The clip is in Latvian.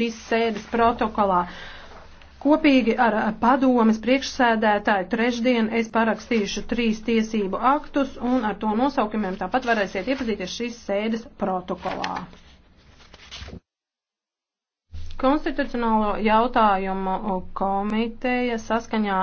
šīs sēdes protokolā. Kopīgi ar padomes priekšsēdētāju trešdien es parakstīšu trīs tiesību aktus un ar to nosaukumiem tāpat varēsiet iepazīties šīs sēdes protokolā. Konstitucionālo jautājumu komiteja saskaņā